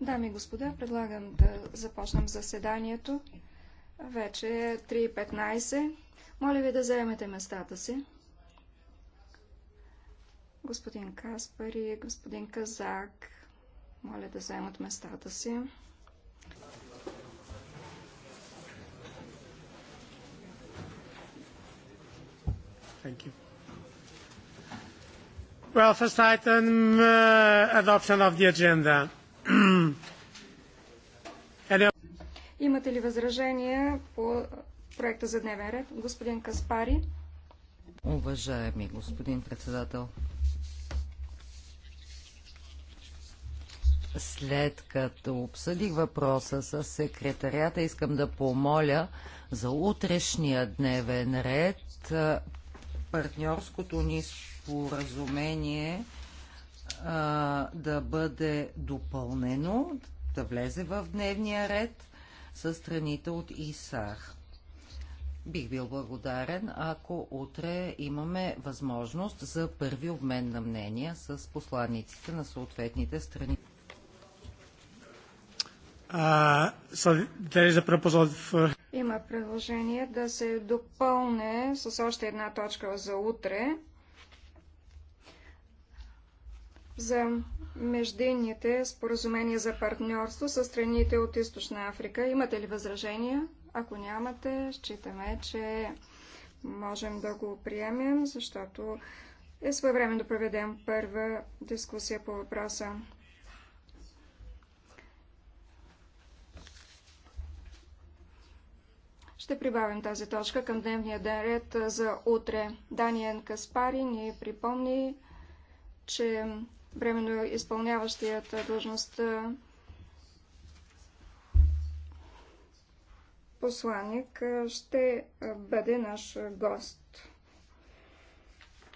Дами и господа, предлагам да започнем заседанието. Вече е 3.15. Моля ви да заемете местата си. Господин Каспари, господин Казак, моля да заемат местата си. Thank you. Well, first item, uh, adoption of the agenda. Имате ли възражения по проекта за дневен ред? Господин Каспари. Уважаеми господин председател, след като обсъдих въпроса с секретарята, искам да помоля за утрешния дневен ред партньорското ни споразумение а, да бъде допълнено, да влезе в дневния ред с страните от ИСАР. Бих бил благодарен, ако утре имаме възможност за първи обмен на мнения с посланниците на съответните страни. Uh, so there is a proposal for има предложение да се допълне с още една точка за утре за междинните споразумения за партньорство с страните от Източна Африка. Имате ли възражения? Ако нямате, считаме, че можем да го приемем, защото е своевременно да проведем първа дискусия по въпроса. Ще прибавим тази точка към дневния ден ред за утре. Даниен Каспари ни припомни, че временно изпълняващият длъжност посланник ще бъде наш гост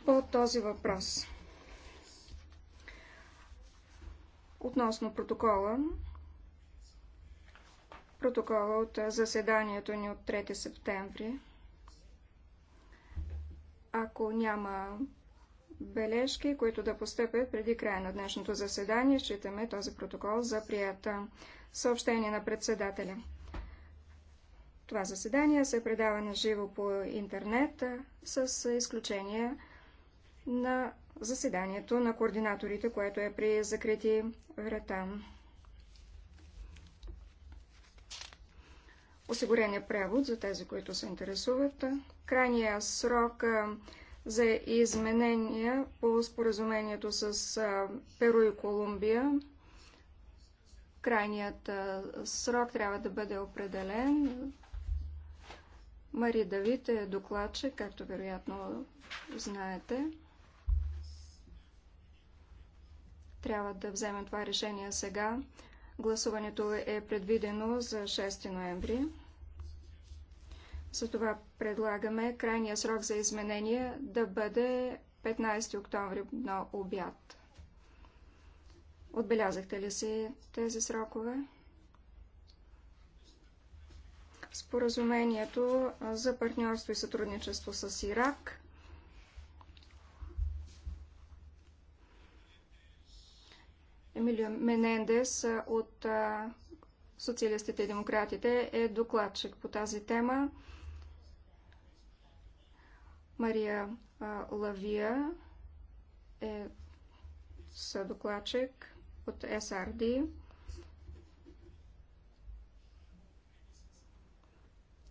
по този въпрос. Относно протокола, протокола от заседанието ни от 3 септември. Ако няма бележки, които да постъпят преди края на днешното заседание, считаме този протокол за прията. Съобщение на председателя. Това заседание се предава на живо по интернет, с изключение на заседанието на координаторите, което е при закрити врата. осигурен е превод за тези, които се интересуват. Крайният срок за изменения по споразумението с Перу и Колумбия. Крайният срок трябва да бъде определен. Мари Давид е докладче, както вероятно знаете. Трябва да вземем това решение сега. Гласуването е предвидено за 6 ноември. Затова предлагаме крайния срок за изменение да бъде 15 октомври на обяд. Отбелязахте ли си тези срокове? Споразумението за партньорство и сътрудничество с Ирак Емилио Менендес от Социалистите и демократите е докладчик по тази тема. Мария Лавия е съдокладчик от СРД.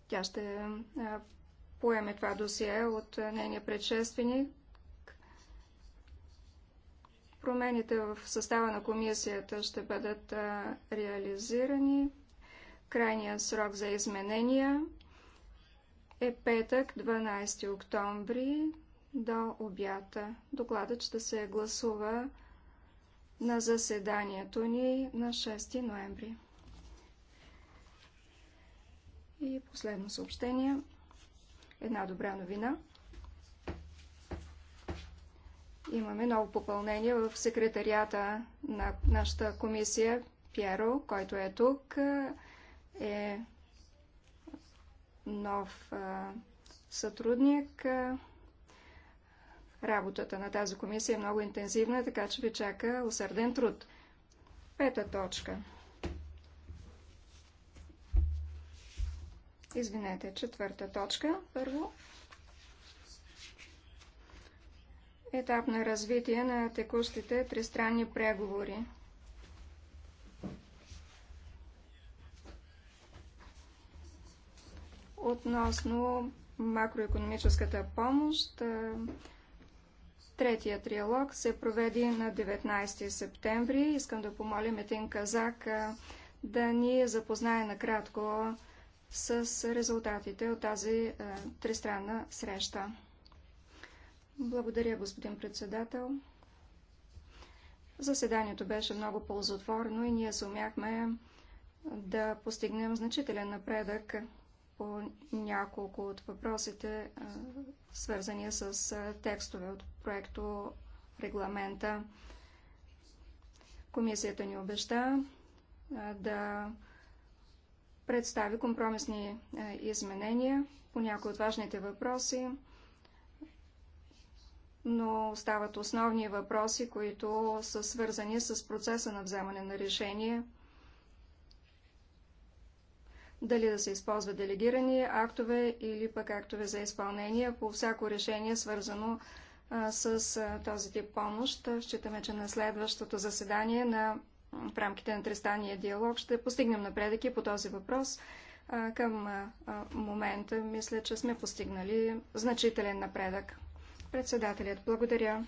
Тя ще поеме това досие от нейния предшественик Промените в състава на комисията ще бъдат реализирани. Крайният срок за изменения е петък, 12 октомври, до обята. Докладът ще се гласува на заседанието ни на 6 ноември. И последно съобщение. Една добра новина. Имаме ново попълнение в секретарията на нашата комисия. Пьеро, който е тук, е нов сътрудник. Работата на тази комисия е много интензивна, така че ви чака усърден труд. Пета точка. Извинете, четвърта точка. Първо. етап на развитие на текущите тристранни преговори. Относно макроекономическата помощ, третия триалог се проведи на 19 септември. Искам да помоля Метин Казак да ни запознае накратко с резултатите от тази тристранна среща. Благодаря, господин председател. Заседанието беше много ползотворно и ние сумяхме да постигнем значителен напредък по няколко от въпросите, свързани с текстове от проекто регламента. Комисията ни обеща да представи компромисни изменения по някои от важните въпроси но остават основни въпроси, които са свързани с процеса на вземане на решение. Дали да се използва делегирани актове или пък актове за изпълнение по всяко решение, свързано а, с а, този тип помощ. Считаме, че на следващото заседание на, в рамките на тристания диалог ще постигнем напредък и по този въпрос. А, към а, момента мисля, че сме постигнали значителен напредък. Председателят, благодаря.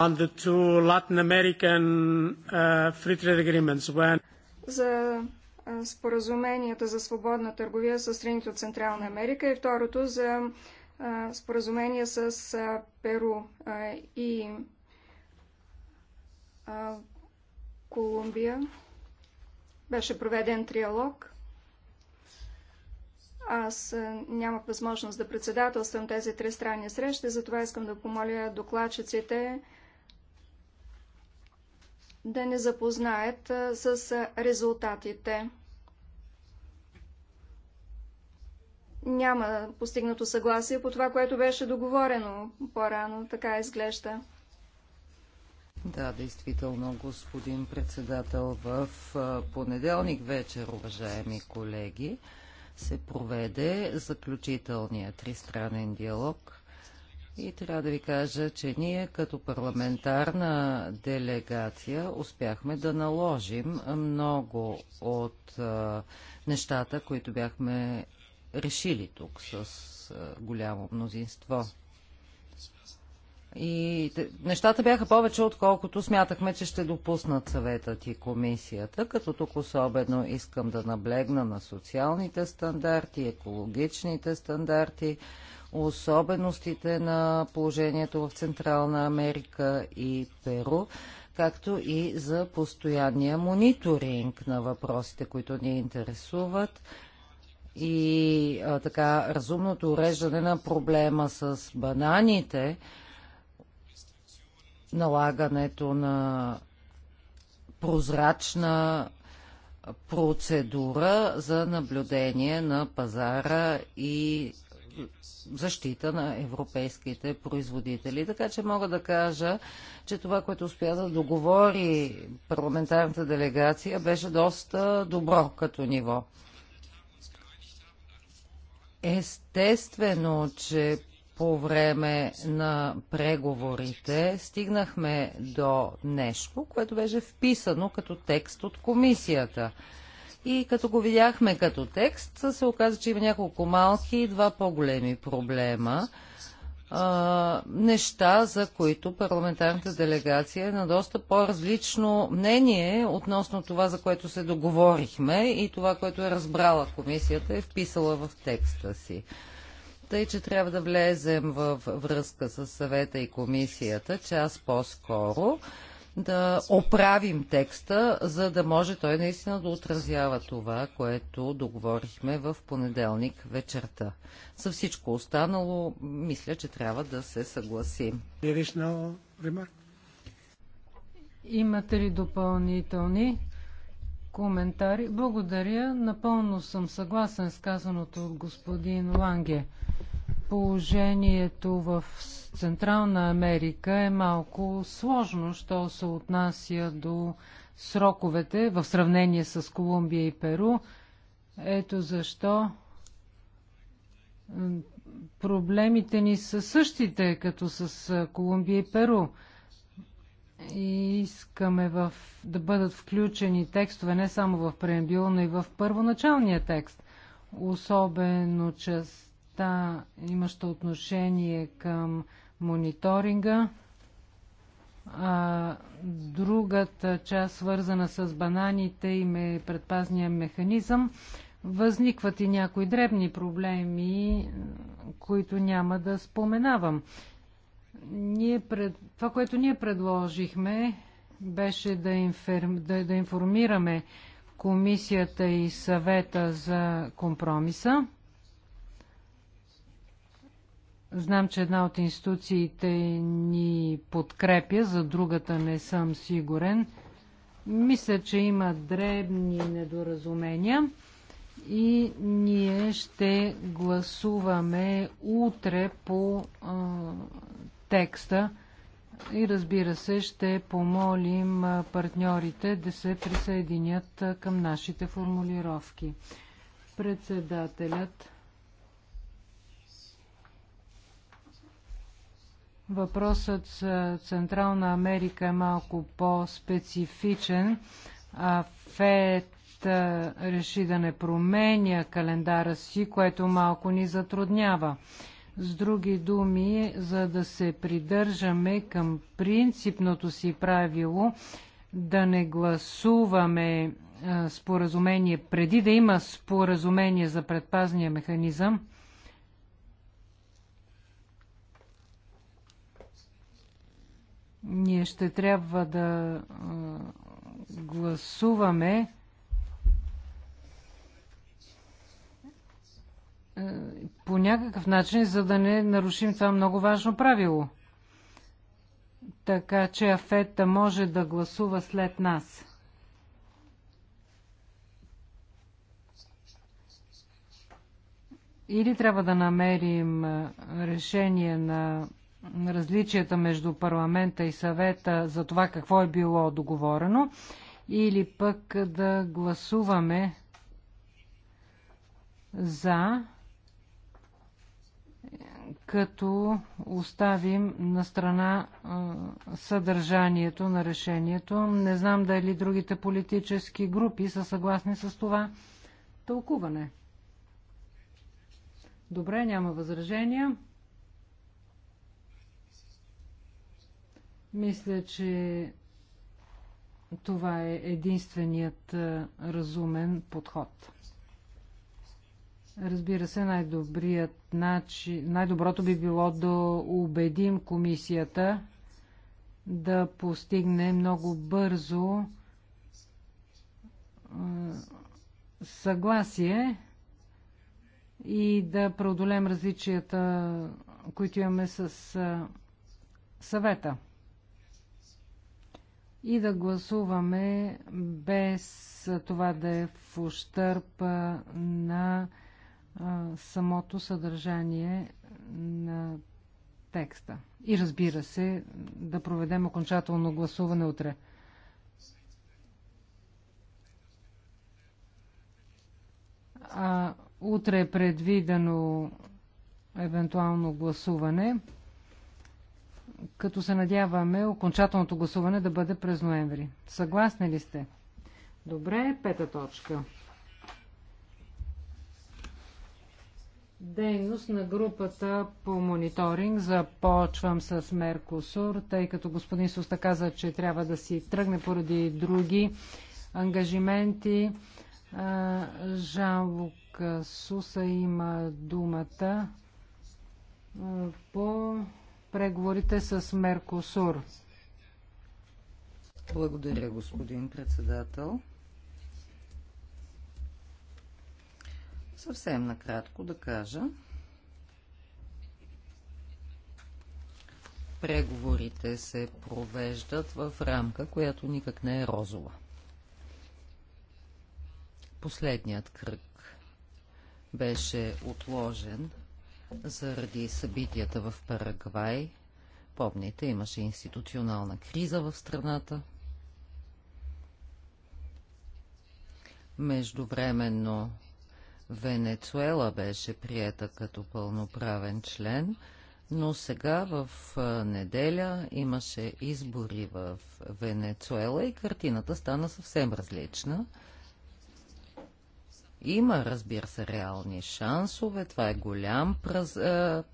On the two Latin American uh, free trade agreements, when... За споразуменията за свободна търговия с страните от Централна Америка и второто за споразумение с Перу и Колумбия. Беше проведен триалог аз е, нямах възможност да председателствам тези три странни срещи, затова искам да помоля докладчиците да не запознаят е, с резултатите. Няма постигнато съгласие по това, което беше договорено по-рано. Така изглежда. Да, действително, господин председател, в е, понеделник вечер, уважаеми колеги, се проведе заключителния тристранен диалог – и трябва да ви кажа, че ние като парламентарна делегация успяхме да наложим много от нещата, които бяхме решили тук с голямо мнозинство. И нещата бяха повече, отколкото смятахме, че ще допуснат съветът и комисията, като тук особено искам да наблегна на социалните стандарти, екологичните стандарти, особеностите на положението в Централна Америка и Перу, както и за постоянния мониторинг на въпросите, които ни интересуват и а, така разумното уреждане на проблема с бананите – налагането на прозрачна процедура за наблюдение на пазара и защита на европейските производители. Така че мога да кажа, че това, което успя да договори парламентарната делегация, беше доста добро като ниво. Естествено, че по време на преговорите стигнахме до нещо, което беше вписано като текст от комисията. И като го видяхме като текст, се оказа, че има няколко малки и два по-големи проблема. А, неща, за които парламентарната делегация е на доста по-различно мнение относно това, за което се договорихме и това, което е разбрала комисията, е вписала в текста си тъй е, че трябва да влезем в връзка с съвета и комисията час по-скоро, да оправим текста, за да може той наистина да отразява това, което договорихме в понеделник вечерта. За всичко останало, мисля, че трябва да се съгласим. Имате ли допълнителни коментари. Благодаря. Напълно съм съгласен с казаното от господин Ланге. Положението в Централна Америка е малко сложно, що се отнася до сроковете в сравнение с Колумбия и Перу. Ето защо проблемите ни са същите, като с Колумбия и Перу и искаме в, да бъдат включени текстове не само в преамбюла, но и в първоначалния текст. Особено частта, имаща отношение към мониторинга, а другата част, свързана с бананите и ме предпазния механизъм, възникват и някои дребни проблеми, които няма да споменавам. Ние пред... Това, което ние предложихме, беше да, инфер... да, да информираме комисията и съвета за компромиса. Знам, че една от институциите ни подкрепя, за другата не съм сигурен. Мисля, че има дребни недоразумения и ние ще гласуваме утре по текста и разбира се ще помолим партньорите да се присъединят към нашите формулировки. Председателят Въпросът с Централна Америка е малко по-специфичен. ФЕД реши да не променя календара си, което малко ни затруднява. С други думи, за да се придържаме към принципното си правило да не гласуваме споразумение преди да има споразумение за предпазния механизъм, ние ще трябва да гласуваме Е, по някакъв начин, за да не нарушим това много важно правило. Така че Афета може да гласува след нас. Или трябва да намерим е, решение на различията между парламента и съвета за това какво е било договорено, или пък да гласуваме за като оставим на страна съдържанието на решението. Не знам дали другите политически групи са съгласни с това тълкуване. Добре, няма възражения. Мисля, че това е единственият разумен подход. Разбира се, най-добрият начин, най-доброто би било да убедим комисията да постигне много бързо съгласие и да преодолем различията, които имаме с съвета. И да гласуваме без това да е в ущърпа на самото съдържание на текста. И разбира се, да проведем окончателно гласуване утре. А, утре е предвидено евентуално гласуване, като се надяваме окончателното гласуване да бъде през ноември. Съгласни ли сте? Добре, пета точка. дейност на групата по мониторинг. Започвам с Меркосур, тъй като господин Суста каза, че трябва да си тръгне поради други ангажименти. Жан-Лук Суса има думата по преговорите с Меркосур. Благодаря, господин председател. Съвсем накратко да кажа. Преговорите се провеждат в рамка, която никак не е розова. Последният кръг беше отложен заради събитията в Парагвай. Помните, имаше институционална криза в страната. Междувременно Венецуела беше приета като пълноправен член, но сега в неделя имаше избори в Венецуела и картината стана съвсем различна. Има, разбира се, реални шансове. Това е голям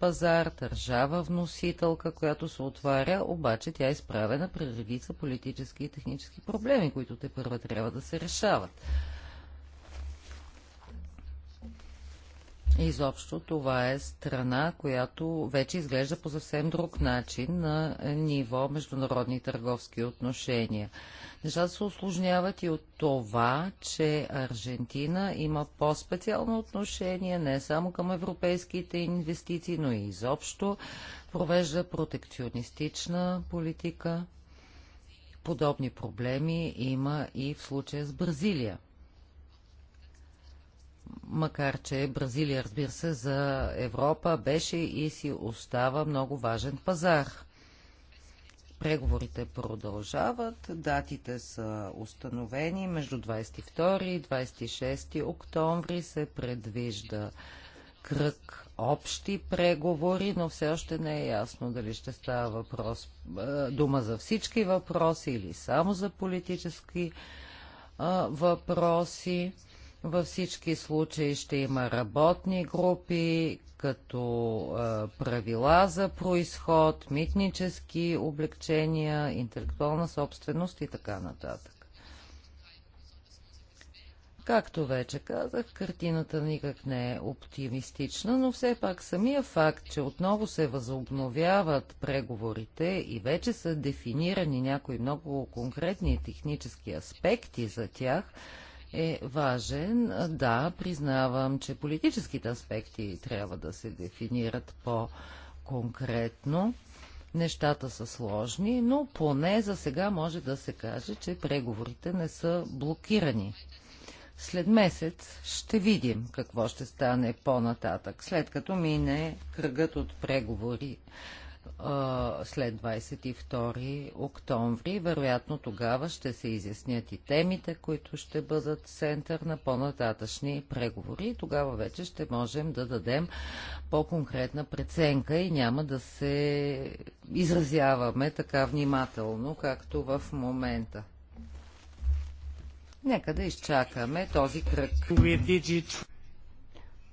пазар, държава вносителка, която се отваря, обаче тя е изправена при редица политически и технически проблеми, които те първа трябва да се решават. Изобщо това е страна, която вече изглежда по съвсем друг начин на ниво международни търговски отношения. Нещата се осложняват и от това, че Аржентина има по-специално отношение не само към европейските инвестиции, но и изобщо провежда протекционистична политика. Подобни проблеми има и в случая с Бразилия макар че Бразилия, разбира се, за Европа беше и си остава много важен пазар. Преговорите продължават, датите са установени между 22 и 26 октомври се предвижда кръг общи преговори, но все още не е ясно дали ще става въпрос, дума за всички въпроси или само за политически въпроси. Във всички случаи ще има работни групи, като правила за происход, митнически облегчения, интелектуална собственост и така нататък. Както вече казах, картината никак не е оптимистична, но все пак самия факт, че отново се възобновяват преговорите и вече са дефинирани някои много конкретни технически аспекти за тях – е важен. Да, признавам, че политическите аспекти трябва да се дефинират по-конкретно. Нещата са сложни, но поне за сега може да се каже, че преговорите не са блокирани. След месец ще видим какво ще стане по-нататък, след като мине кръгът от преговори след 22 октомври. Вероятно тогава ще се изяснят и темите, които ще бъдат център на по-нататъчни преговори. Тогава вече ще можем да дадем по-конкретна преценка и няма да се изразяваме така внимателно, както в момента. Нека да изчакаме този кръг.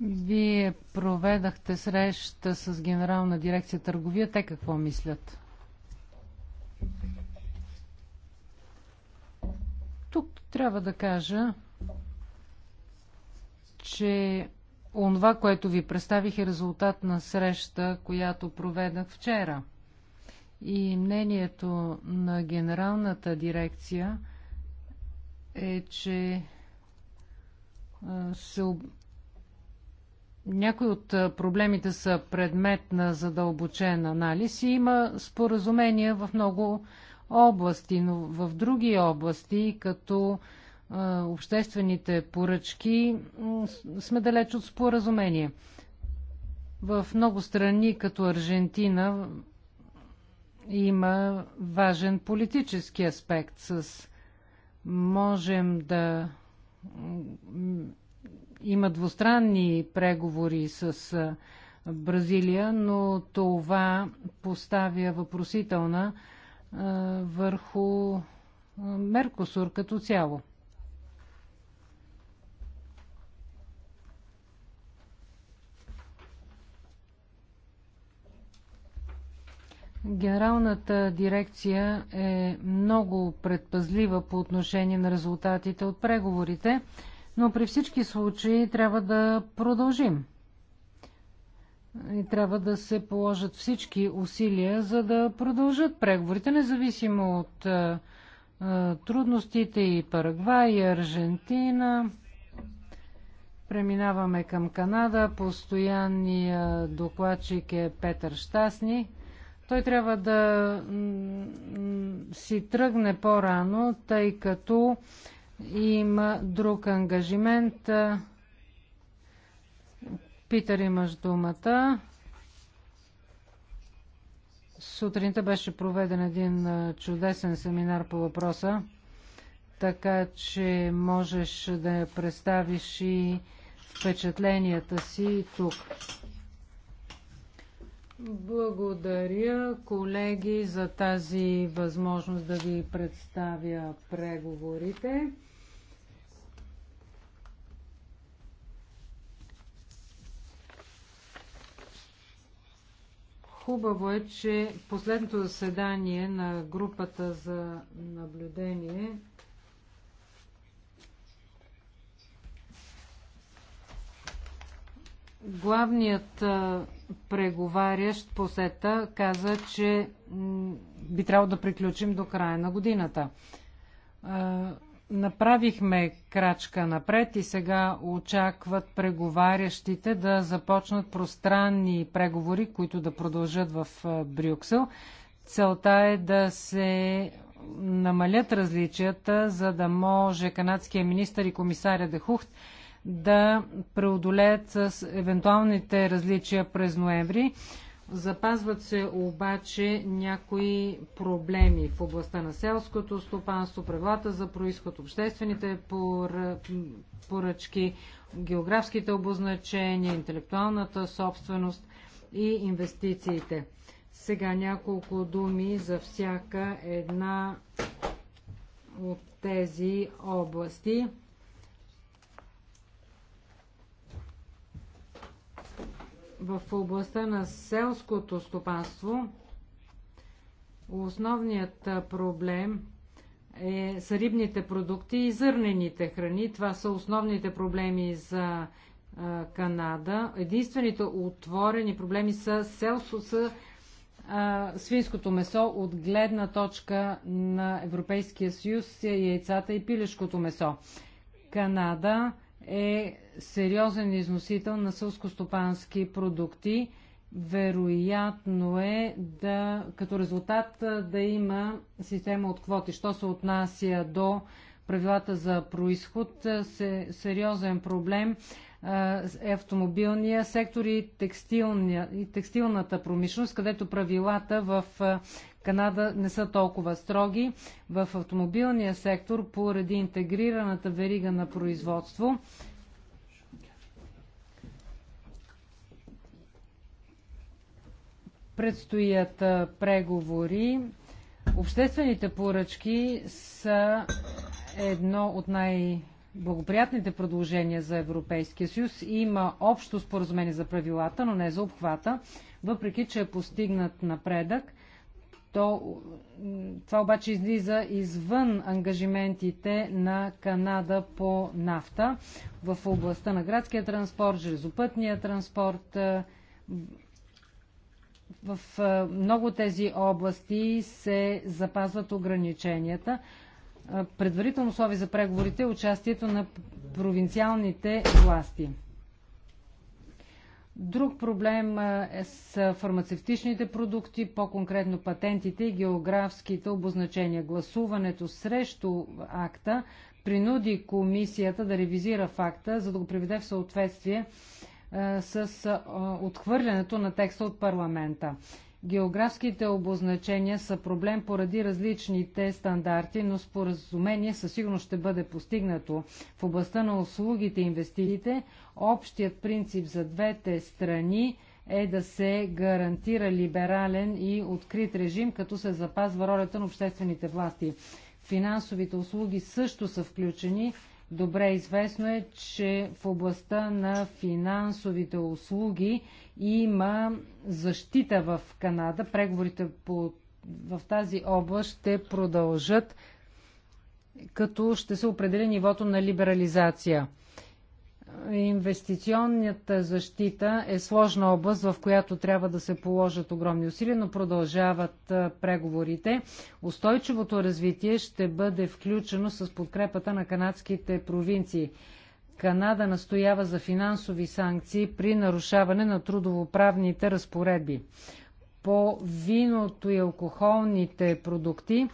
Вие проведахте среща с Генерална дирекция търговия. Те какво мислят? Тук трябва да кажа, че онова, което ви представих е резултат на среща, която проведах вчера. И мнението на генералната дирекция е, че се някои от проблемите са предмет на задълбочен анализ и има споразумения в много области, но в други области, като обществените поръчки, сме далеч от споразумение. В много страни, като Аржентина, има важен политически аспект с можем да има двустранни преговори с Бразилия, но това поставя въпросителна върху Меркосур като цяло. Генералната дирекция е много предпазлива по отношение на резултатите от преговорите. Но при всички случаи трябва да продължим. И трябва да се положат всички усилия, за да продължат преговорите, независимо от а, е, е, трудностите и Парагвай, и Аржентина. Преминаваме към Канада. Постоянният докладчик е Петър Штасни. Той трябва да си тръгне по-рано, тъй като има друг ангажимент. Питър имаш думата. Сутринта беше проведен един чудесен семинар по въпроса, така че можеш да представиш и впечатленията си тук. Благодаря, колеги, за тази възможност да ви представя преговорите. Хубаво е, че последното заседание на групата за наблюдение главният преговарящ по сета каза, че би трябвало да приключим до края на годината. Направихме крачка напред и сега очакват преговарящите да започнат пространни преговори, които да продължат в Брюксел. Целта е да се намалят различията, за да може канадския министр и комисаря Дехухт да преодолеят с евентуалните различия през ноември. Запазват се обаче някои проблеми в областта на селското стопанство, правилата за происход, обществените поръчки, географските обозначения, интелектуалната собственост и инвестициите. Сега няколко думи за всяка една от тези области. в областта на селското стопанство основният проблем е, са рибните продукти и зърнените храни. Това са основните проблеми за а, Канада. Единствените отворени проблеми са, селско са а, свинското месо от гледна точка на Европейския съюз, е яйцата и пилешкото месо. Канада е сериозен износител на сълскостопански продукти. Вероятно е да, като резултат да има система от квоти. Що се отнася до правилата за происход, се, сериозен проблем е автомобилния сектор и, текстилния, и текстилната промишленост, където правилата в Канада не са толкова строги. В автомобилния сектор, поради интегрираната верига на производство, предстоят преговори. Обществените поръчки са едно от най- благоприятните предложения за Европейския съюз. Има общо споразумение за правилата, но не за обхвата, въпреки че е постигнат напредък. То, това обаче излиза извън ангажиментите на Канада по нафта в областта на градския транспорт, железопътния транспорт. Е, в е, много тези области се запазват ограниченията. Е, предварително условие за преговорите е участието на провинциалните власти. Друг проблем е с фармацевтичните продукти, по-конкретно патентите и географските обозначения. Гласуването срещу акта принуди комисията да ревизира факта, за да го приведе в съответствие е, с е, отхвърлянето на текста от парламента. Географските обозначения са проблем поради различните стандарти, но споразумение със сигурност ще бъде постигнато. В областта на услугите и инвестициите общият принцип за двете страни е да се гарантира либерален и открит режим, като се запазва ролята на обществените власти. Финансовите услуги също са включени Добре известно е, че в областта на финансовите услуги има защита в Канада. Преговорите по, в тази област ще продължат, като ще се определи нивото на либерализация инвестиционната защита е сложна област, в която трябва да се положат огромни усилия, но продължават преговорите. Устойчивото развитие ще бъде включено с подкрепата на канадските провинции. Канада настоява за финансови санкции при нарушаване на трудовоправните разпоредби. По виното и алкохолните продукти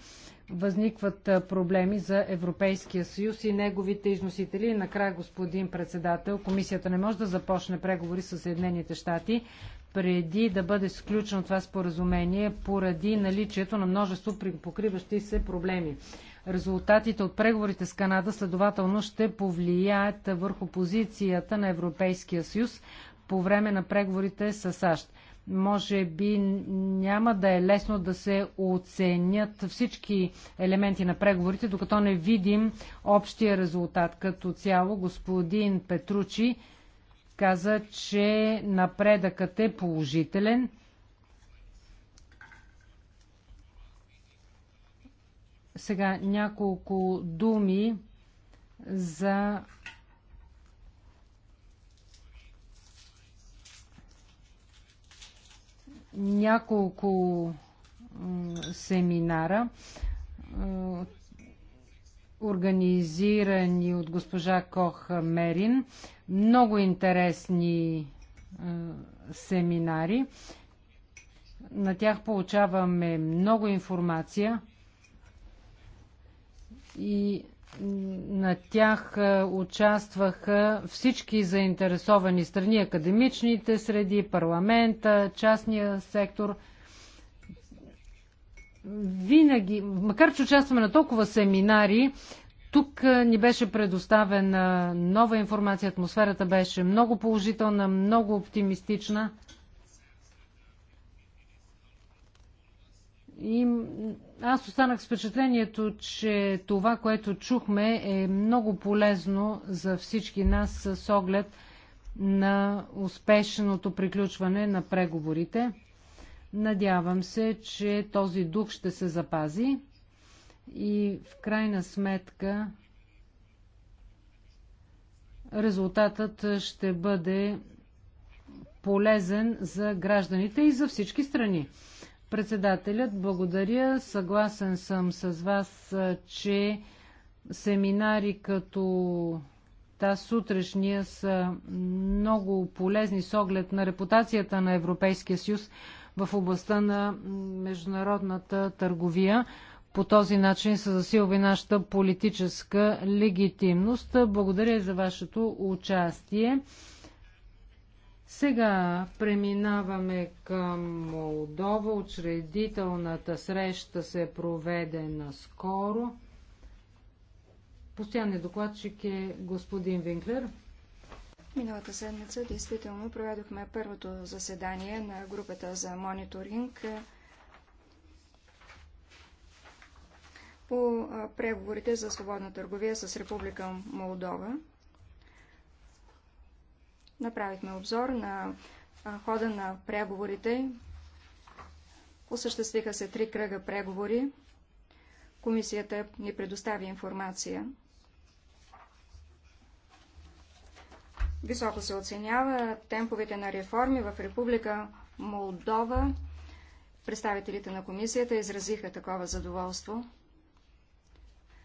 възникват проблеми за Европейския съюз и неговите износители. И накрая, господин председател, комисията не може да започне преговори с Съединените щати преди да бъде сключено това споразумение поради наличието на множество покриващи се проблеми. Резултатите от преговорите с Канада следователно ще повлияят върху позицията на Европейския съюз по време на преговорите с САЩ може би няма да е лесно да се оценят всички елементи на преговорите, докато не видим общия резултат. Като цяло господин Петручи каза, че напредъкът е положителен. Сега няколко думи за няколко семинара, организирани от госпожа Кох Мерин. Много интересни семинари. На тях получаваме много информация и на тях е, участваха всички заинтересовани страни, академичните среди, парламента, частния сектор. Винаги, макар че участваме на толкова семинари, тук е, ни беше предоставена е, нова информация, атмосферата беше много положителна, много оптимистична. И аз останах с впечатлението, че това, което чухме, е много полезно за всички нас с оглед на успешното приключване на преговорите. Надявам се, че този дух ще се запази и в крайна сметка резултатът ще бъде полезен за гражданите и за всички страни. Председателят, благодаря. Съгласен съм с вас, че семинари като тази сутрешния са много полезни с оглед на репутацията на Европейския съюз в областта на международната търговия. По този начин се засилва и нашата политическа легитимност. Благодаря за вашето участие. Сега преминаваме към Молдова. Учредителната среща се проведе наскоро. Постоянният докладчик е господин Винклер. Миналата седмица действително проведохме първото заседание на групата за мониторинг е, по преговорите за свободна търговия с Република Молдова. Направихме обзор на хода на преговорите. Осъществиха се три кръга преговори. Комисията ни предостави информация. Високо се оценява темповете на реформи в Република Молдова. Представителите на комисията изразиха такова задоволство.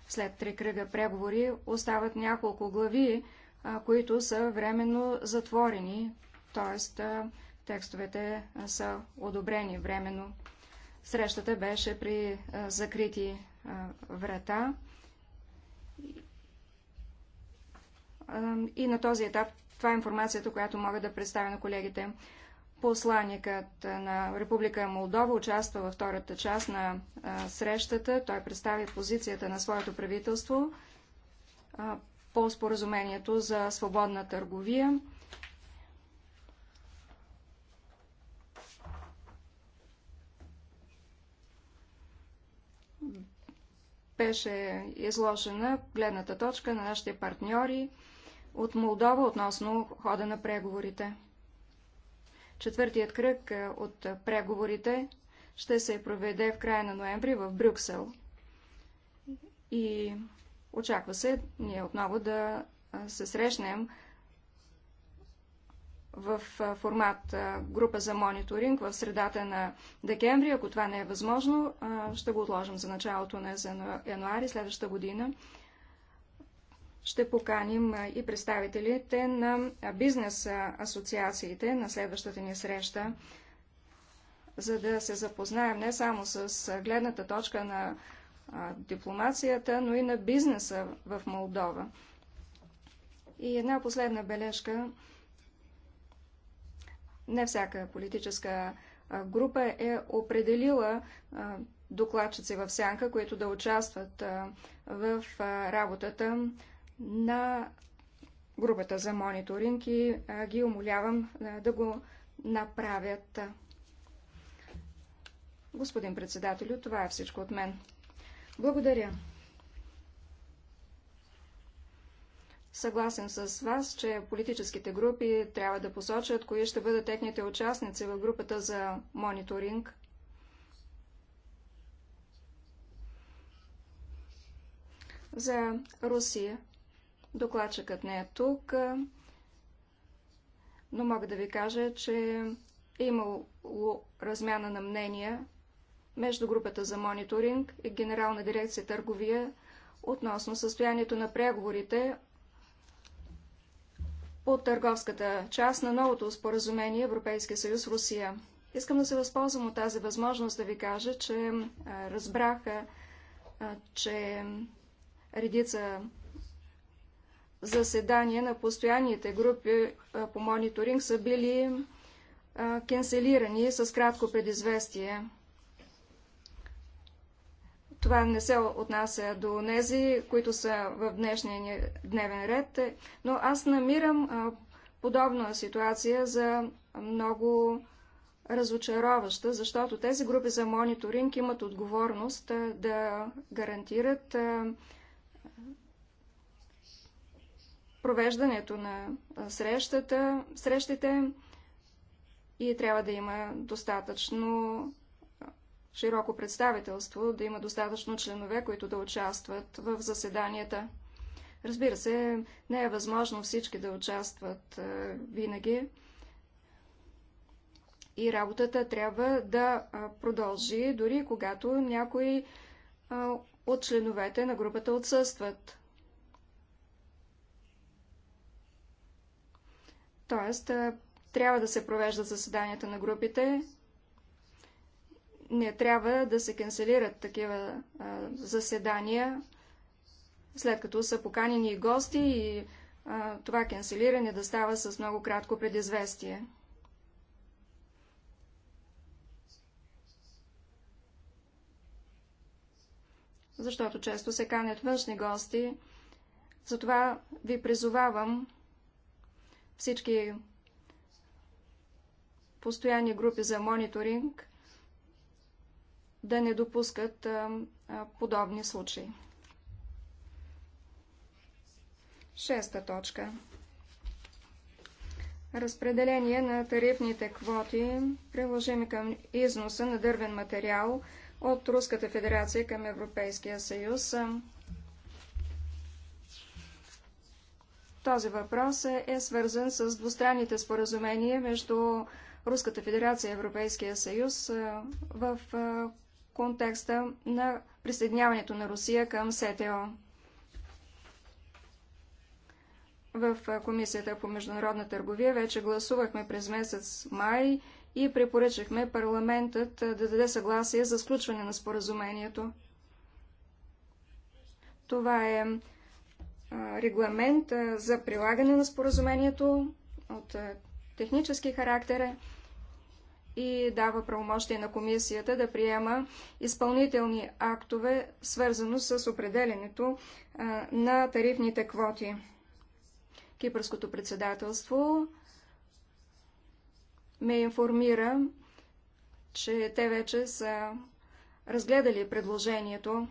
След три кръга преговори остават няколко глави, които са временно затворени, т.е. текстовете са одобрени временно. Срещата беше при закрити врата и на този етап това е информацията, която мога да представя на колегите. Посланникът на Република Молдова участва във втората част на срещата. Той представи позицията на своето правителство по споразумението за свободна търговия. Беше изложена гледната точка на нашите партньори от Молдова относно хода на преговорите. Четвъртият кръг е, от преговорите ще се проведе в края на ноември в Брюксел. И Очаква се ние отново да се срещнем в формат група за мониторинг в средата на декември. Ако това не е възможно, ще го отложим за началото на януари следващата година. Ще поканим и представителите на бизнес асоциациите на следващата ни среща, за да се запознаем не само с гледната точка на дипломацията, но и на бизнеса в Молдова. И една последна бележка. Не всяка политическа група е определила докладчици в сянка, които да участват в работата на групата за мониторинг и ги умолявам да го направят. Господин председателю, това е всичко от мен. Благодаря. Съгласен с вас, че политическите групи трябва да посочат, кои ще бъдат техните участници в групата за мониторинг. За Русия. Докладчикът не е тук, но мога да ви кажа, че е имало размяна на мнения между групата за мониторинг и Генерална дирекция търговия относно състоянието на преговорите по търговската част на новото споразумение Европейския съюз Русия. Искам да се възползвам от тази възможност да ви кажа, че разбрах, че редица заседания на постоянните групи по мониторинг са били канцелирани с кратко предизвестие. Това не се отнася до нези, които са в днешния ни дневен ред, но аз намирам подобна ситуация за много разочароваща, защото тези групи за мониторинг имат отговорност да гарантират провеждането на срещата, срещите и трябва да има достатъчно широко представителство, да има достатъчно членове, които да участват в заседанията. Разбира се, не е възможно всички да участват е, винаги. И работата трябва да е, продължи, дори когато някои е, от членовете на групата отсъстват. Тоест, трябва да се провеждат заседанията на групите, не трябва да се канцелират такива а, заседания, след като са поканени и гости и а, това канцелиране да става с много кратко предизвестие. Защото често се канят външни гости, затова ви призовавам всички постоянни групи за мониторинг – да не допускат подобни случаи. Шеста точка. Разпределение на тарифните квоти, приложими към износа на дървен материал от Руската федерация към Европейския съюз. Този въпрос е свързан с двустранните споразумения между Руската федерация и Европейския съюз, в контекста на присъединяването на Русия към СТО. В Комисията по международна търговия вече гласувахме през месец май и препоръчахме парламентът да даде съгласие за сключване на споразумението. Това е регламент за прилагане на споразумението от технически характер и дава правомощие на комисията да приема изпълнителни актове, свързано с определенето на тарифните квоти. Кипърското председателство ме информира, че те вече са разгледали предложението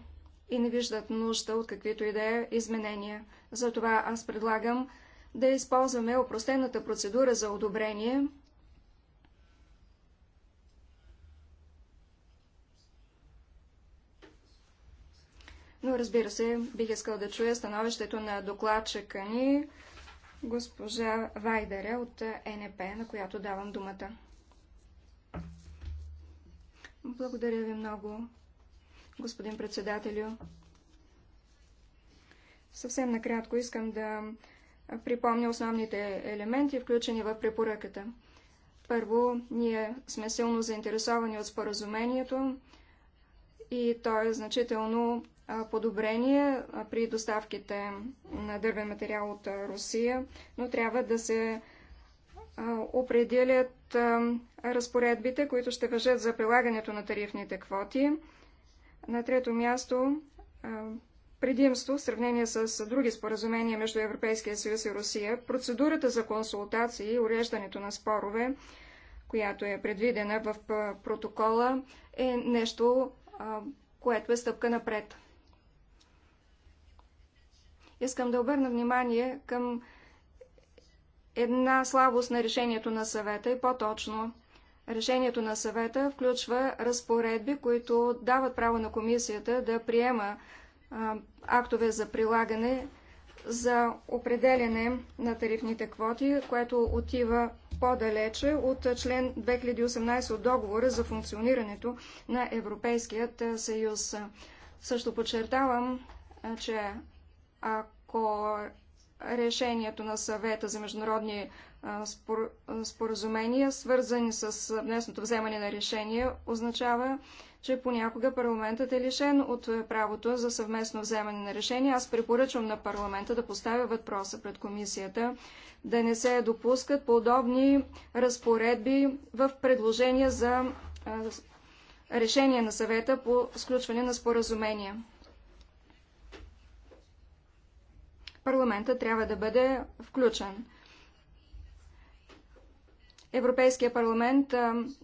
и не виждат нужда от каквито и да е изменения. Затова аз предлагам да използваме опростената процедура за одобрение – Но разбира се, бих искал да чуя становището на докладчика ни, госпожа Вайдере от е НП, на която давам думата. Благодаря ви много, господин председателю. Съвсем накратко искам да припомня основните елементи, включени в препоръката. Първо, ние сме силно заинтересовани от споразумението и то е значително подобрение при доставките на дървен материал от Русия, но трябва да се определят разпоредбите, които ще въжат за прилагането на тарифните квоти. На трето място предимство в сравнение с други споразумения между Европейския съюз и Русия, процедурата за консултации и уреждането на спорове, която е предвидена в протокола, е нещо, което е стъпка напред. Искам да обърна внимание към една слабост на решението на съвета и по-точно решението на съвета включва разпоредби, които дават право на комисията да приема актове за прилагане за определене на тарифните квоти, което отива по-далече от член 2018 от договора за функционирането на Европейският съюз. Също подчертавам, че ако решението на съвета за международни спор... споразумения, свързани с днесното вземане на решение, означава, че понякога парламентът е лишен от правото за съвместно вземане на решение. Аз препоръчвам на парламента да поставя въпроса пред комисията, да не се допускат подобни разпоредби в предложения за решение на съвета по сключване на споразумения. парламента трябва да бъде включен. Европейския парламент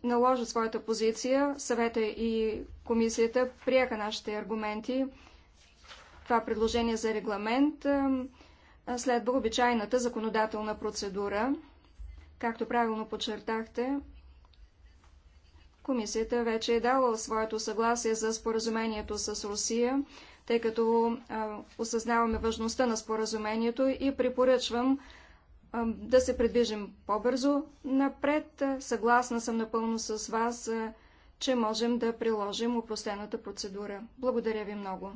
наложи своята позиция, съвета и комисията приеха нашите аргументи. Това предложение за регламент следва обичайната законодателна процедура. Както правилно подчертахте, комисията вече е дала своето съгласие за споразумението с Русия тъй като а, осъзнаваме важността на споразумението и препоръчвам а, да се предвижим по-бързо напред. Съгласна съм напълно с вас, а, че можем да приложим упростената процедура. Благодаря ви много.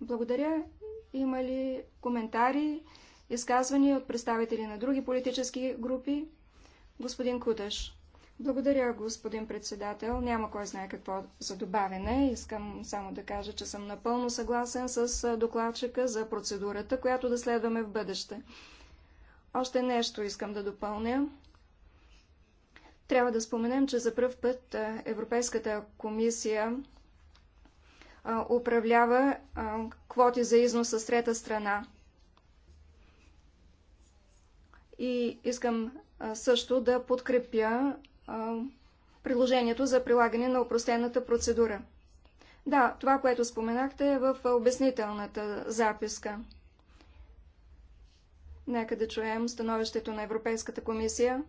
Благодаря. Има ли коментари, изказвания от представители на други политически групи? Господин Кудаш. Благодаря, господин председател. Няма кой знае какво за добавене. Искам само да кажа, че съм напълно съгласен с докладчика за процедурата, която да следваме в бъдеще. Още нещо искам да допълня. Трябва да споменем, че за пръв път Европейската комисия управлява квоти за износ с трета страна. И искам също да подкрепя приложението за прилагане на упростената процедура. Да, това, което споменахте е в обяснителната записка. Нека да чуем становището на Европейската комисия.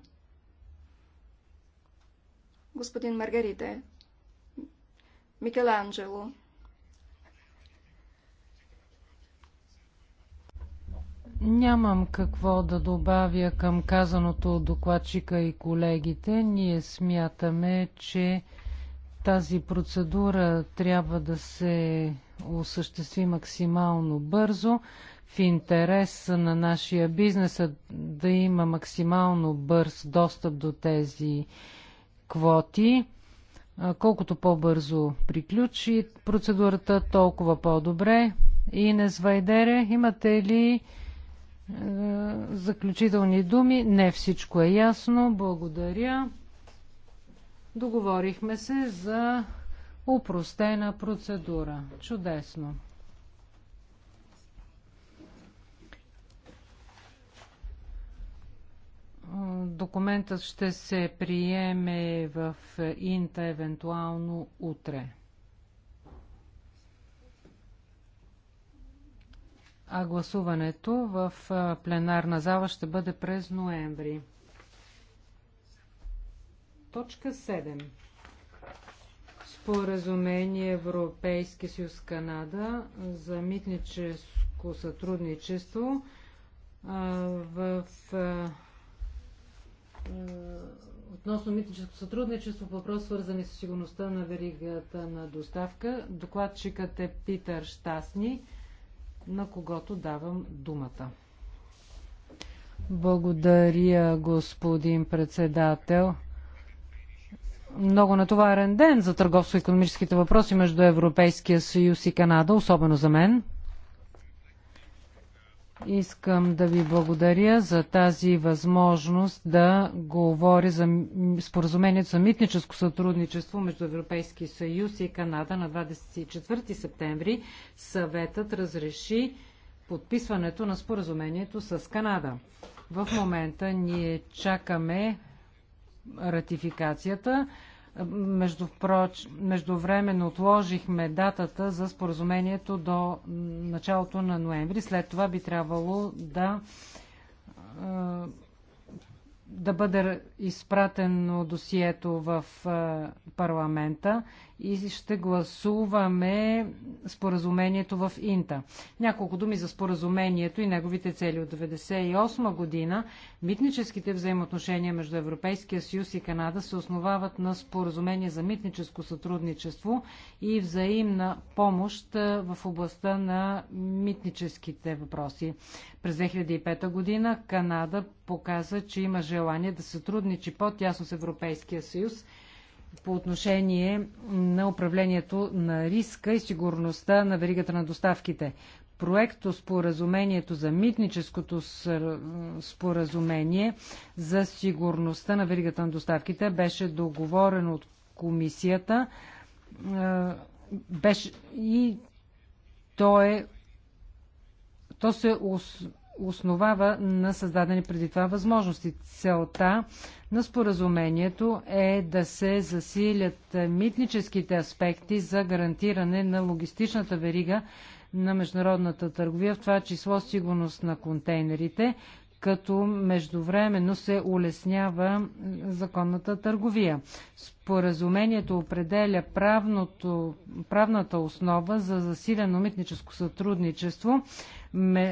Господин Маргарите. Микеланджело. Нямам какво да добавя към казаното от докладчика и колегите. Ние смятаме, че тази процедура трябва да се осъществи максимално бързо в интерес на нашия бизнес е да има максимално бърз достъп до тези квоти. Колкото по-бързо приключи процедурата, толкова по-добре. И не Вайдере, имате ли заключителни думи. Не всичко е ясно. Благодаря. Договорихме се за упростена процедура. Чудесно. Документът ще се приеме в Инта евентуално утре. а гласуването в пленарна зала ще бъде през ноември. Точка 7. Споразумение Европейски съюз Канада за митническо сътрудничество в относно митническо сътрудничество, въпрос свързани с сигурността на веригата на доставка. Докладчикът е Питър Штасни на когото давам думата. Благодаря, господин председател. Много натоварен ден за търговско-економическите въпроси между Европейския съюз и Канада, особено за мен. Искам да ви благодаря за тази възможност да говори за споразумението за митническо сътрудничество между Европейски съюз и Канада на 24 септември. Съветът разреши подписването на споразумението с Канада. В момента ние чакаме ратификацията. Междупроч, междувременно отложихме датата за споразумението до началото на ноември. След това би трябвало да да бъде изпратено досието в парламента и ще гласуваме споразумението в Инта. Няколко думи за споразумението и неговите цели. От 1998 година митническите взаимоотношения между Европейския съюз и Канада се основават на споразумение за митническо сътрудничество и взаимна помощ в областта на митническите въпроси. През 2005 година Канада показа, че има желание да сътрудничи по-тясно с Европейския съюз по отношение на управлението на риска и сигурността на веригата на доставките. Проекто споразумението за митническото споразумение за сигурността на веригата на доставките беше договорено от комисията беше, и то е то се основава на създадени преди това възможности. Целта на споразумението е да се засилят митническите аспекти за гарантиране на логистичната верига на международната търговия, в това число сигурност на контейнерите, като междувременно се улеснява законната търговия. Споразумението определя правното, правната основа за засилено митническо сътрудничество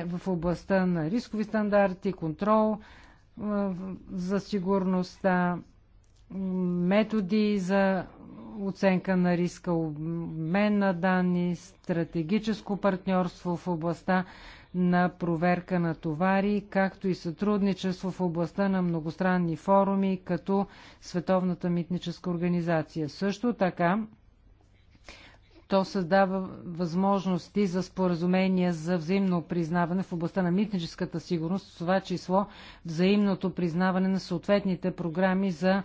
в областта на рискови стандарти, контрол за сигурността, методи за оценка на риска, обмен на данни, стратегическо партньорство в областта на проверка на товари, както и сътрудничество в областта на многостранни форуми, като Световната митническа организация. Също така, то създава възможности за споразумения за взаимно признаване в областта на митническата сигурност, в това число взаимното признаване на съответните програми за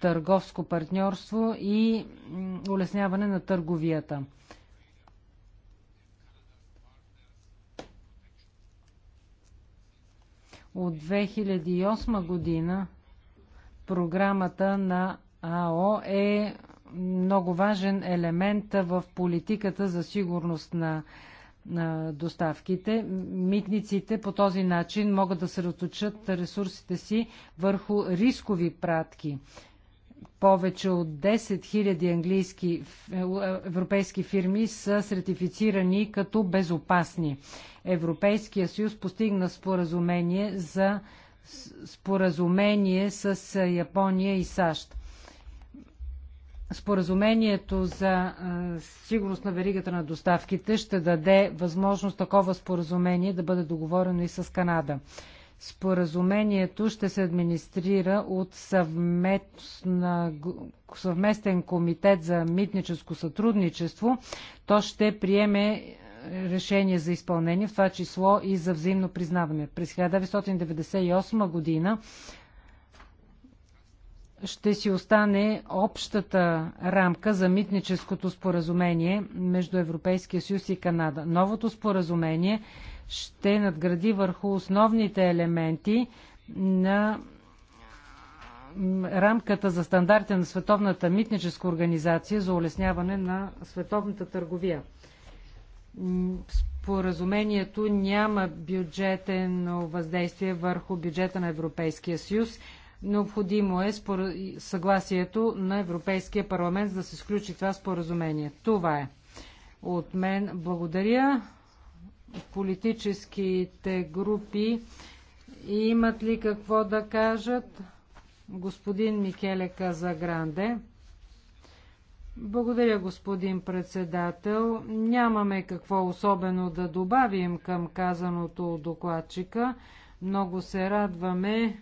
търговско партньорство и улесняване на търговията. От 2008 година програмата на АО е много важен елемент в политиката за сигурност на, на доставките. Митниците по този начин могат да се ресурсите си върху рискови пратки повече от 10 000 английски, е, е, европейски фирми са сертифицирани като безопасни. Европейския съюз постигна споразумение за споразумение с е, Япония и САЩ. Споразумението за сигурност на веригата на доставките ще даде възможност такова споразумение да бъде договорено и с Канада. Споразумението ще се администрира от съвместна, съвместен комитет за митническо сътрудничество. То ще приеме е, решение за изпълнение, в това число и за взаимно признаване. През 1998 година ще си остане общата рамка за митническото споразумение между Европейския съюз и Канада. Новото споразумение ще надгради върху основните елементи на рамката за стандарти на Световната митническа организация за улесняване на световната търговия. Споразумението няма бюджетено въздействие върху бюджета на Европейския съюз. Необходимо е съгласието на Европейския парламент да се сключи това споразумение. Това е. От мен благодаря политическите групи и имат ли какво да кажат? Господин Микеле Казагранде. Благодаря, господин председател. Нямаме какво особено да добавим към казаното от докладчика. Много се радваме,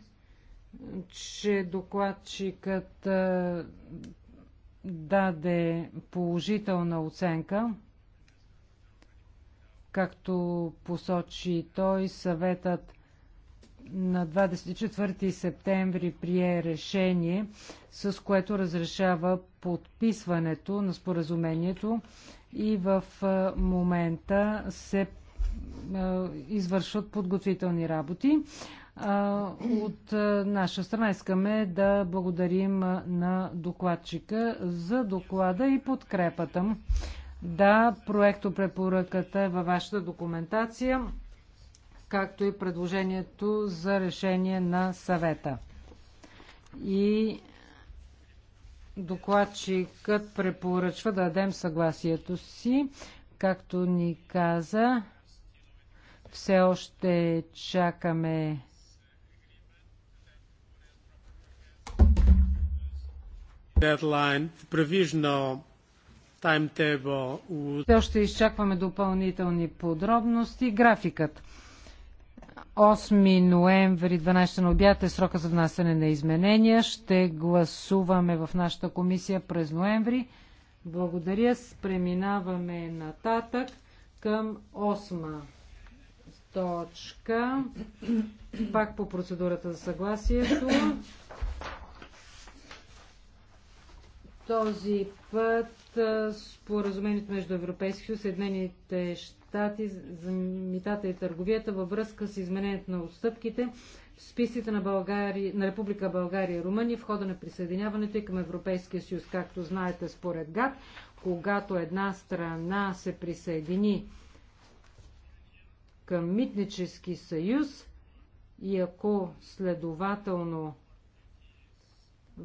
че докладчикът е, даде положителна оценка. Както посочи той, съветът на 24 септември прие решение, с което разрешава подписването на споразумението и в момента се извършват подготвителни работи. От наша страна искаме да благодарим на докладчика за доклада и подкрепата му. Да, препоръката е във вашата документация, както и предложението за решение на съвета. И докладчикът препоръчва да дадем съгласието си, както ни каза. Все още чакаме deadline, the provisional все още изчакваме допълнителни подробности. Графикът. 8 ноември 12 на обяд е срока за внасяне на изменения. Ще гласуваме в нашата комисия през ноември. Благодаря. Преминаваме нататък към 8 точка. Пак по процедурата за съгласието този път споразумението между Европейския и Съединените щати за митата и търговията във връзка с изменението на отстъпките в списите на, Българи, на Република България и Румъния в хода на присъединяването и към Европейския съюз, както знаете според гад, когато една страна се присъедини към митнически съюз и ако следователно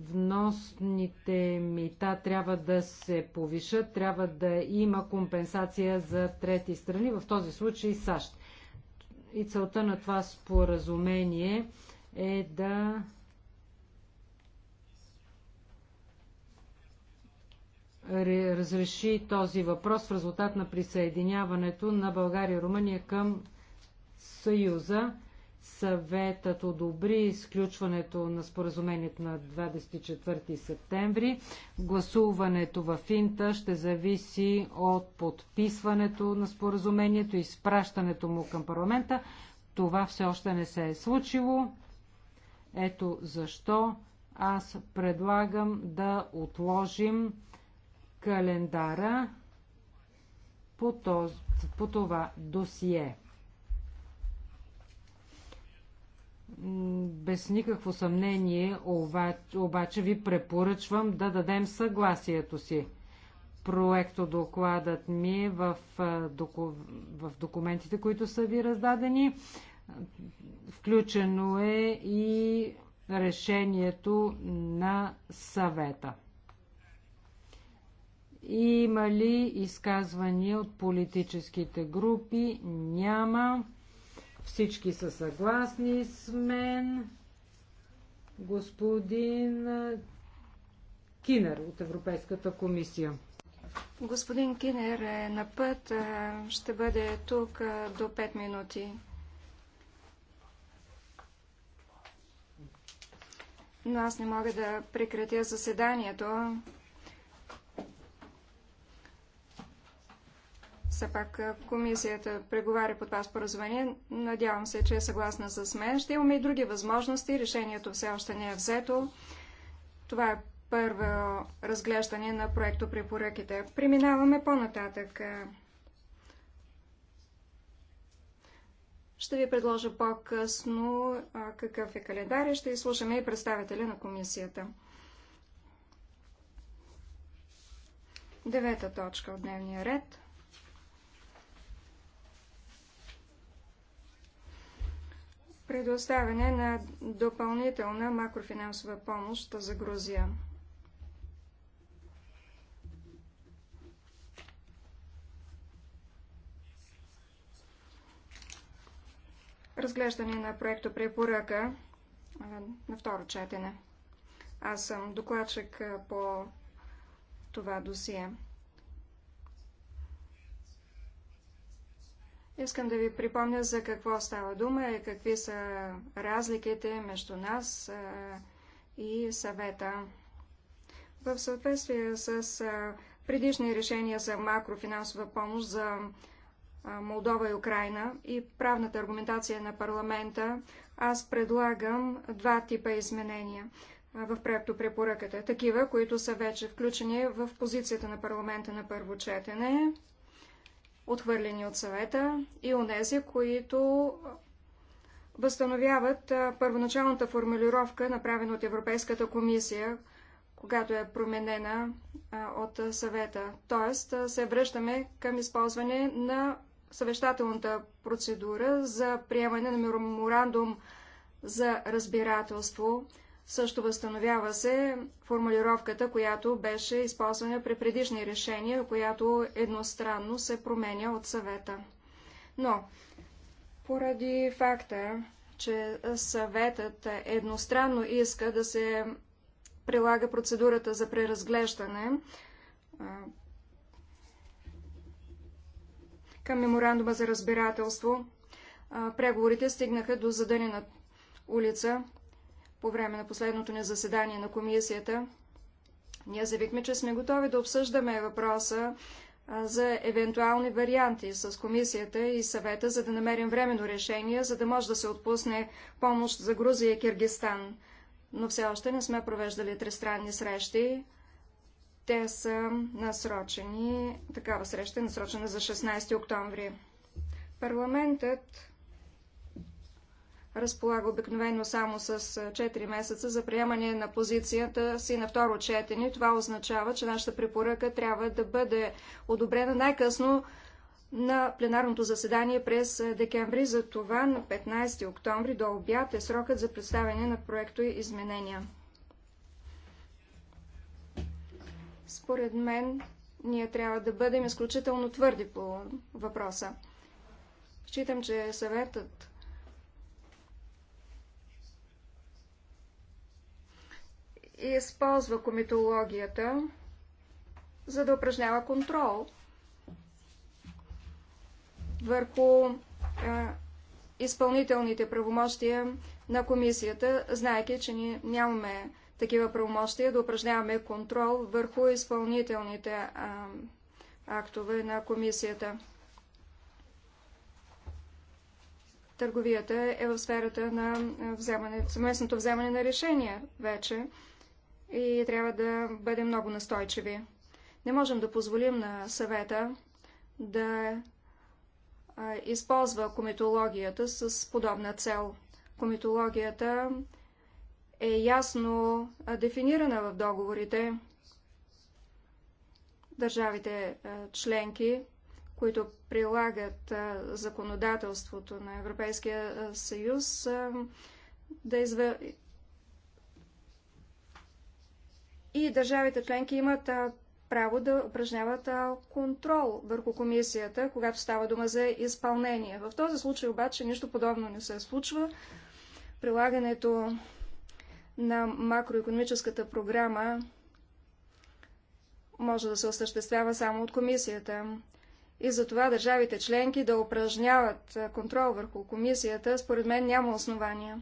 вносните мита трябва да се повишат, трябва да има компенсация за трети страни, в този случай САЩ. И целта на това споразумение е да разреши този въпрос в резултат на присъединяването на България и Румъния към Съюза. Съветът одобри изключването на споразумението на 24 септември. Гласуването в Инта ще зависи от подписването на споразумението и изпращането му към парламента. Това все още не се е случило. Ето защо аз предлагам да отложим календара по, този, по това досие. без никакво съмнение, обаче ви препоръчвам да дадем съгласието си. Проекто докладът ми е в, в документите, които са ви раздадени. Включено е и решението на съвета. Има ли изказвания от политическите групи? Няма. Всички са съгласни с мен. Господин Кинер от Европейската комисия. Господин Кинер е на път. Ще бъде тук до 5 минути. Но аз не мога да прекратя заседанието, все пак комисията преговаря по това споразумение. Надявам се, че е съгласна с мен. Ще имаме и други възможности. Решението все още не е взето. Това е първо разглеждане на проекто препоръките. Преминаваме по-нататък. Ще ви предложа по-късно какъв е календар и ще изслушаме и представителя на комисията. Девета точка от дневния ред – предоставяне на допълнителна макрофинансова помощ за Грузия. Разглеждане на проекто препоръка на второ четене. Аз съм докладчик по това досие. Искам да ви припомня за какво става дума и какви са разликите между нас и съвета. В съответствие с предишни решения за макрофинансова помощ за Молдова и Украина и правната аргументация на парламента, аз предлагам два типа изменения в проекто препоръката. Такива, които са вече включени в позицията на парламента на първо четене, отхвърлени от съвета, и онези, които възстановяват първоначалната формулировка, направена от Европейската комисия, когато е променена от съвета. Тоест, се връщаме към използване на съвещателната процедура за приемане на меморандум за разбирателство също възстановява се формулировката, която беше използвана при предишни решения, която едностранно се променя от съвета. Но, поради факта, че съветът едностранно иска да се прилага процедурата за преразглеждане към меморандума за разбирателство, преговорите стигнаха до задънена улица, по време на последното ни заседание на комисията, ние заявихме, че сме готови да обсъждаме въпроса за евентуални варианти с комисията и съвета, за да намерим временно решение, за да може да се отпусне помощ за Грузия и Киргистан. Но все още не сме провеждали тристранни срещи. Те са насрочени, такава среща е насрочена за 16 октомври. Парламентът разполага обикновено само с 4 месеца за приемане на позицията си на второ четене. Това означава, че нашата препоръка трябва да бъде одобрена най-късно на пленарното заседание през декември. За това на 15 октомври до обяд е срокът за представяне на проекто и изменения. Според мен, ние трябва да бъдем изключително твърди по въпроса. Считам, че съветът и използва комитологията, за да упражнява контрол върху е, изпълнителните правомощия на комисията, знайки, че ние нямаме такива правомощия да упражняваме контрол върху изпълнителните е, актове на комисията. Търговията е в сферата на вземане, съместното вземане на решения вече и трябва да бъдем много настойчиви. Не можем да позволим на съвета да използва кометологията с подобна цел. Кометологията е ясно дефинирана в договорите. Държавите членки, които прилагат законодателството на Европейския съюз, да и държавите членки имат право да упражняват контрол върху комисията, когато става дума за изпълнение. В този случай обаче нищо подобно не се случва. Прилагането на макроекономическата програма може да се осъществява само от комисията. И за това държавите членки да упражняват контрол върху комисията, според мен няма основания.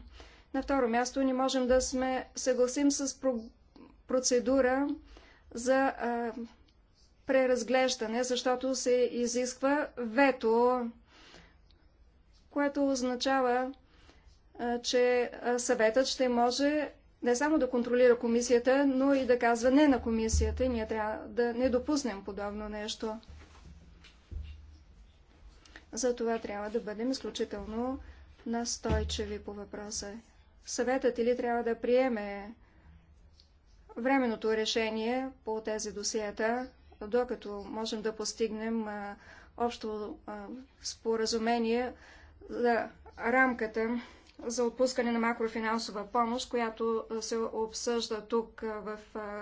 На второ място не можем да сме съгласим с процедура за а, преразглеждане, защото се изисква вето, което означава, а, че съветът ще може не само да контролира комисията, но и да казва не на комисията и ние трябва да не допуснем подобно нещо. За това трябва да бъдем изключително настойчиви по въпроса. Съветът или трябва да приеме временното решение по тези досиета, докато можем да постигнем общо споразумение за рамката за отпускане на макрофинансова помощ, която се обсъжда тук в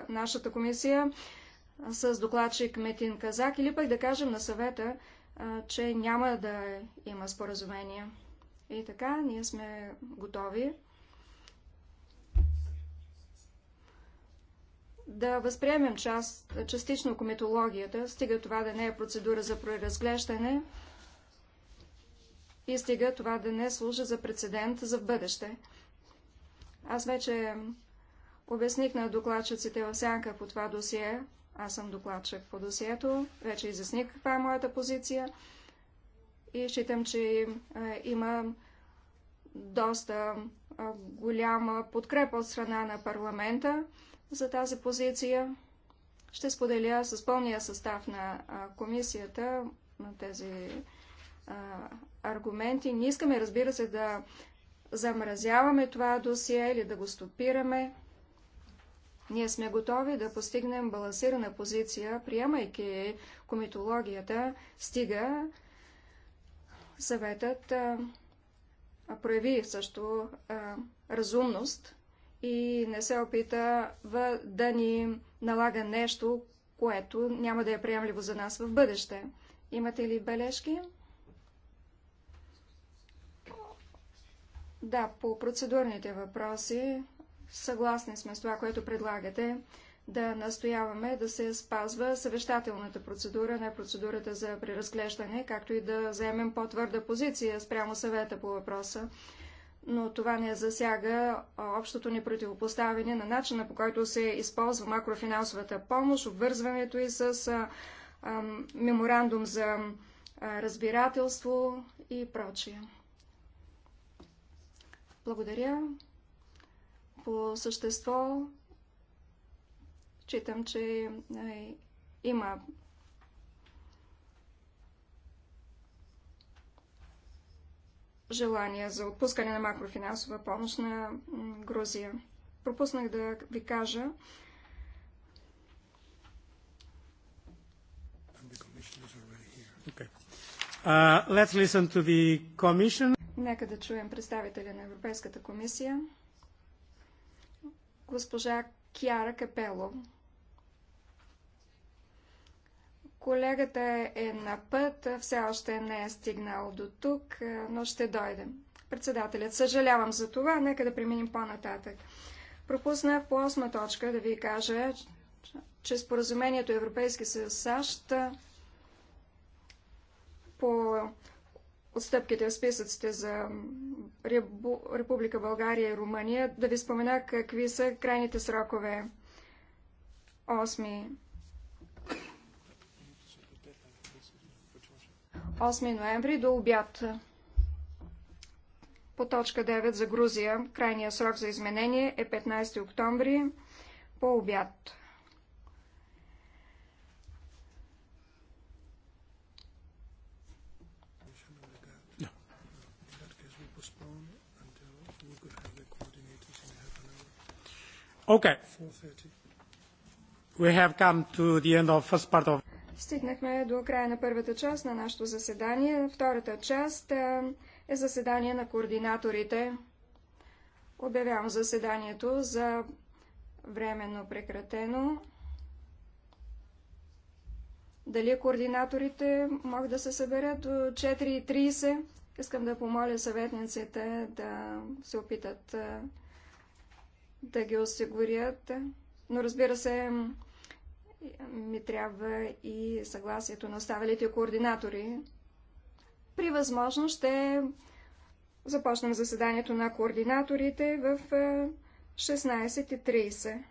нашата комисия с докладчик Метин Казак или пък да кажем на съвета, че няма да има споразумение. И така, ние сме готови да възприемем част, частично кометологията, стига това да не е процедура за преразглеждане и стига това да не служи за прецедент за в бъдеще. Аз вече обясних на докладчиците в сянка по това досие. Аз съм докладчик по досието. Вече изясних каква е моята позиция. И считам, че има доста голяма подкрепа от страна на парламента за тази позиция. Ще споделя с пълния състав на комисията на тези а, аргументи. Не искаме, разбира се, да замразяваме това досие или да го стопираме. Ние сме готови да постигнем балансирана позиция, приемайки комитологията, стига съветът а, прояви също а, разумност и не се опита да ни налага нещо, което няма да е приемливо за нас в бъдеще. Имате ли бележки? Да, по процедурните въпроси съгласни сме с това, което предлагате, да настояваме да се спазва съвещателната процедура, не процедурата за преразглеждане, както и да заемем по-твърда позиция спрямо съвета по въпроса но това не засяга общото ни противопоставяне на начина по който се използва макрофинансовата помощ, обвързването и с а, а, меморандум за а, разбирателство и прочие. Благодаря. По същество, читам, че има желание за отпускане на макрофинансова помощ на Грузия. Пропуснах да ви кажа, Uh, Нека да чуем представителя на Европейската комисия, госпожа Киара Капело. Колегата е на път, все още не е стигнал до тук, е, но ще дойде. Председателят, съжалявам за това, нека да преминем по-нататък. Пропуснах по осма точка да ви кажа, че споразумението Европейски съюз САЩ е, по отстъпките в списъците за Република България и Румъния, да ви спомена какви са крайните срокове. 8 8 ноември до обяд. По точка 9 за Грузия крайният срок за изменение е 15 октомври по обяд. Okay. We have come to the end of first part of Стигнахме до края на първата част на нашето заседание. Втората част е, е заседание на координаторите. Обявявам заседанието за временно прекратено. Дали координаторите могат да се съберат до 4.30? Искам да помоля съветниците да се опитат е, да ги осигурят. Но разбира се, ми трябва и съгласието на оставалите координатори. При възможност ще започнем заседанието на координаторите в 16.30.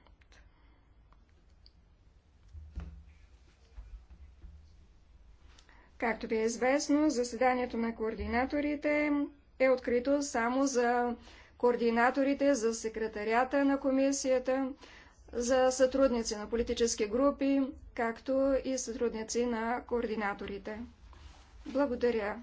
Както ви е известно, заседанието на координаторите е открито само за координаторите, за секретарята на комисията, за сътрудници на политически групи, както и сътрудници на координаторите. Благодаря.